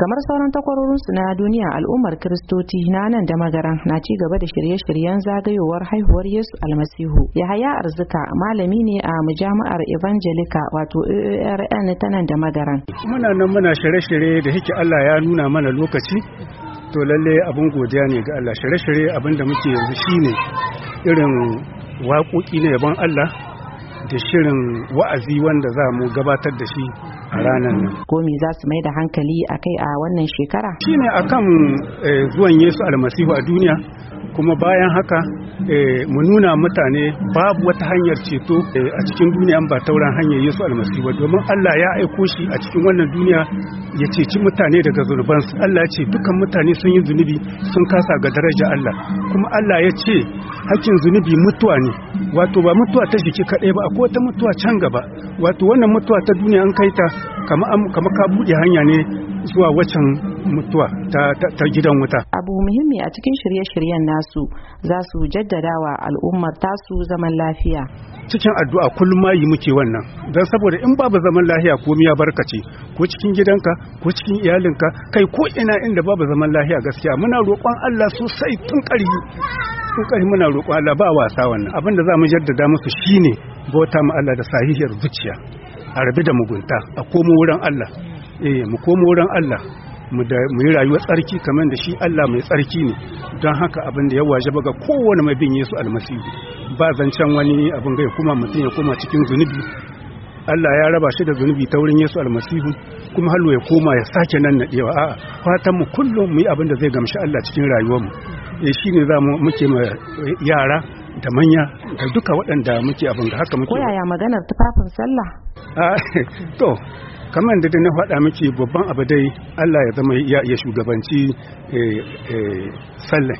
kamar sauran takwarorinsu na duniya al'ummar kiristoci na nan da magaran na ci gaba da shirye-shiryen zagayowar haihuwar yesu almasihu yahaya arzika malami ne a majami'ar evangelika wato aorn ta nan da magaran muna nan muna shirye-shirye da hiki allah ya nuna mana lokaci to lalle abin godiya ne ga allah shirye-shirye abin da muke yanzu shine irin waƙoƙi na yaban allah da shirin wa'azi wanda za mu gabatar da shi a ranar nan. Komi za su mai da hankali a kai a wannan shekara? Shi ne a kan eh, zuwan Yesu almasihu a duniya kuma bayan haka eh, mu nuna mutane babu wata hanyar ceto eh, a cikin duniya ba tauran hanyar Yesu almasihu domin Allah ya aiko shi a cikin wannan duniya ya ceci mutane daga zunubansu Allah ya ce dukan mutane sun yi zunubi sun kasa ga daraja Allah kuma Allah ya ce hakkin zunubi mutuwa ne wato ba mutuwa ta jiki kaɗai ba akwai wata mutuwa can gaba wato wannan mutuwa ta duniya an kai ta kama ka buɗe hanya ne zuwa waccan mutuwa ta, gidan wuta abu muhimmi a cikin shirye-shiryen nasu za su jaddadawa al'ummar tasu zaman lafiya cikin addu'a kullum ma yi muke wannan don saboda in babu zaman lafiya ko miya barkace ko cikin gidanka ko cikin iyalinka kai ko ina inda babu zaman lafiya gaskiya muna roƙon Allah sosai tun ƙarfi kokari muna roƙo Allah ba wasa wannan abin da mu jaddada musu shine bauta mu Allah da sahihiyar zuciya a rabi da mugunta a komo wurin Allah eh mu komo wurin Allah mu yi rayuwar tsarki kamar da shi Allah mai tsarki ne don haka abin da ya waje ga kowane mai bin Yesu almasihu ba zancen wani abin ga kuma mutum ya koma cikin zunubi Allah ya raba shi da zunubi ta wurin Yesu almasihu kuma hallo ya koma ya sake nan na a'a fatan mu kullum mu yi abin da zai gamshi Allah cikin rayuwarmu Eh, shi ne za mu muke ma yara da manya da duka waɗanda muke abin da haka muke koyaya maganar tufafin sallah ah, to kamar da na faɗa miki babban abu dai Allah ya zama ya shugabanci eh, eh, sallah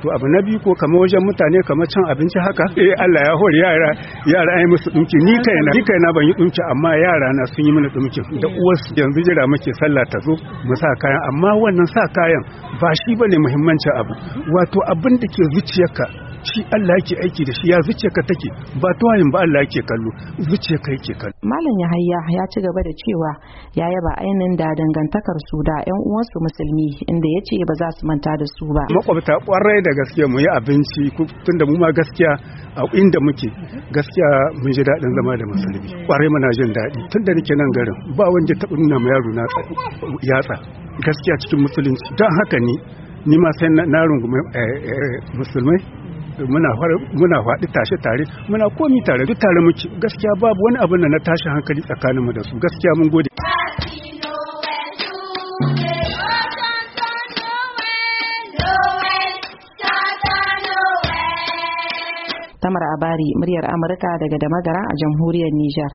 to abu na biyu ko kamar wajen mutane kamar cin abinci haka eh Allah ya hori yara yara ai musu dinki ni kaina ni kaina ban yi dinki amma yara na sun yi mini dinki da uwarsu yanzu jira muke sallah ta zo mu sa kayan amma wannan sa kayan ba shi bane muhimmancin abu wato abin da ke zuciyarka shi Allah yake aiki da shi ya zuce ka take ba tawayin ba Allah yake kallo zuce ka yake kallo malam Yahaya ya ci gaba da cewa ya yaba ainin da dangantakar su da ƴan uwansu musulmi inda ya ce ba za su manta da su ba makwabta kwarai da gaskiya mu yi abinci tunda mu ma gaskiya a inda muke gaskiya mun ji daɗin zama da musulmi kwarai muna jin daɗi tunda nake nan garin ba wanda taɓa nuna ma yaro na yatsa gaskiya cikin musulunci don haka ni ni ma sai na rungumi eh, eh, musulmai muna faɗi tashe tare muna komi tare duk tare muke gaskiya babu wani abin da na tashi hankali tsakaninmu da su gaskiya mun gode Tamar Abari, muryar Amurka daga Damagara a jamhuriyar Nijar.